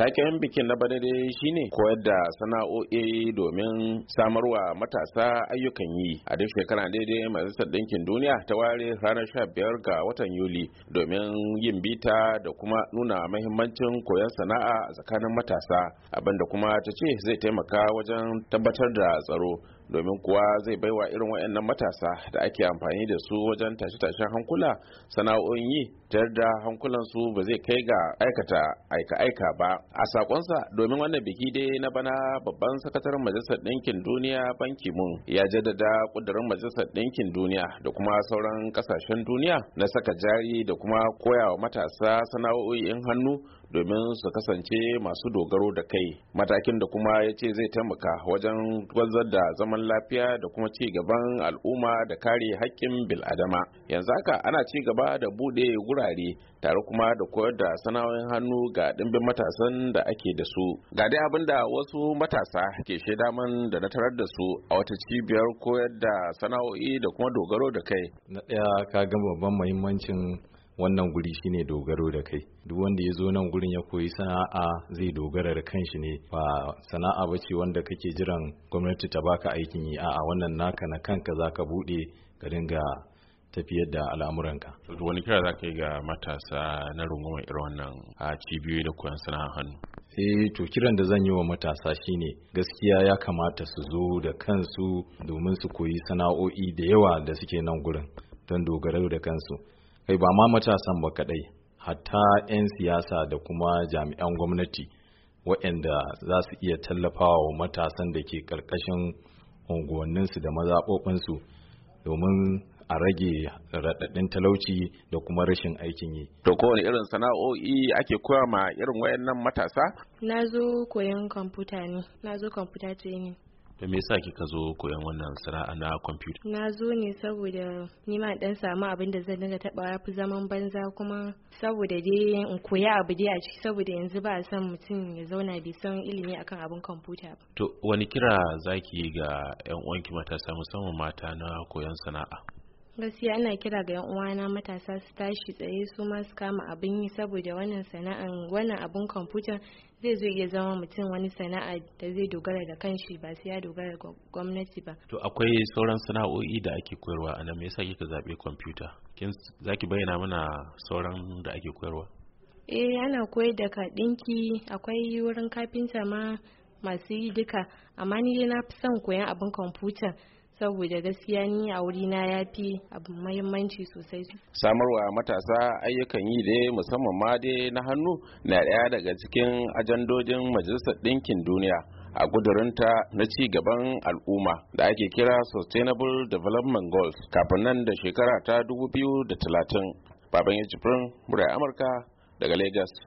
taken bikin na bana dai shine koyar da sana'o'i domin samarwa matasa ayyukan yi a duk shekara daidai majalisar ɗinkin duniya ta ware ranar sha biyar ga watan yuli domin yin bita da kuma nuna mahimmancin koyon sana'a a tsakanin matasa abinda kuma ta ce zai taimaka wajen tabbatar da tsaro domin kuwa zai baiwa irin waɗannan matasa da ake amfani da su wajen tashe-tashen hankula sana'o'in yi ta da su ba zai kai ga aikata aika-aika ba a sakonsa domin wannan biki dai na bana babban sakataren majalisar ɗinkin duniya banki mun ya jaddada ƙudurin majalisar ɗinkin duniya da kuma sauran ƙasashen duniya na saka jari da kuma koyawa matasa sana'o'in hannu domin su kasance masu dogaro da kai matakin da kuma ya ce zai taimaka wajen gwanzar da zaman zaman lafiya da kuma ci gaban al'umma da kare haƙƙin bil'adama yanzu haka ana ci gaba da buɗe gurare tare kuma da koyar da sana'o'in hannu ga ɗimbin matasan da ake da su ga dai abin da wasu matasa ke shaida man da na tarar da su a wata cibiyar koyar da sana'o'i da kuma dogaro da kai na ɗaya ka ga babban muhimmancin wannan guri shine dogaro da kai duk wanda ya zo nan gurin ya koyi sana'a zai dogara da kanshi ne ba sana'a ba ce wanda kake jiran gwamnati ta baka aikin yi a'a wannan naka na kanka zaka bude ka dinga tafiyar da al'amuranka. wani kira za ka yi ga matasa na rungumar irin wannan a cibiyoyi da koyon sana'ar hannu? eh to kiran da zan yi wa matasa shine gaskiya ya kamata su zo da kansu domin su koyi sana'o'i da yawa da suke nan gurin don dogaro da kansu kai ba ma matasan ba kadai hatta 'yan siyasa da kuma jami'an gwamnati waɗanda za su iya tallafawa matasan da ke ƙarƙashin unguwanninsu da mazaɓoɓinsu domin a rage raɗaɗin talauci da kuma rashin aikin yi. To kowane irin sana'o'i ake koya ma irin wayannan matasa? Na zo koyon kwamfuta ne, na zo kwamfuta ce ne. to me yasa kika zo koyon wannan sana'a na kwamfuta na zo ne saboda ni ma dan samu abin da zan dinga taba fi zaman banza kuma saboda dai in koya abu dai a ciki saboda yanzu ba a san mutum ya zauna bai san ilimi akan abin kwamfuta to wani kira zaki ga yan uwanki matasa musamman mata na koyon sana'a gaskiya ana kira ga 'yan uwana matasa su tashi tsaye su ma su kama abin yi saboda wannan sana'an wannan abun kwamfuta zai zo iya zama mutum wani sana'a da zai dogara da kanshi ba sai ya dogara ga gwamnati ba to akwai sauran sana'o'i da ake koyarwa anan me yasa kika zabe kwamfuta kin zaki bayyana mana sauran da ake koyarwa eh ana koyar da ka dinki akwai wurin kafinta ma masu yi duka amma ni na fi son koyan abin kwamfuta saboda gaskiya ni a wuri na ya fi abu mahimmanci sosai samarwa matasa ayyukan yi dai musamman ma dai na hannu na daya daga cikin ajandojin majalisar ɗinkin duniya a gudurinta na ci gaban al'umma da ake kira sustainable development goals kafin nan da shekara ta 2030 baban ya murai amurka daga lagos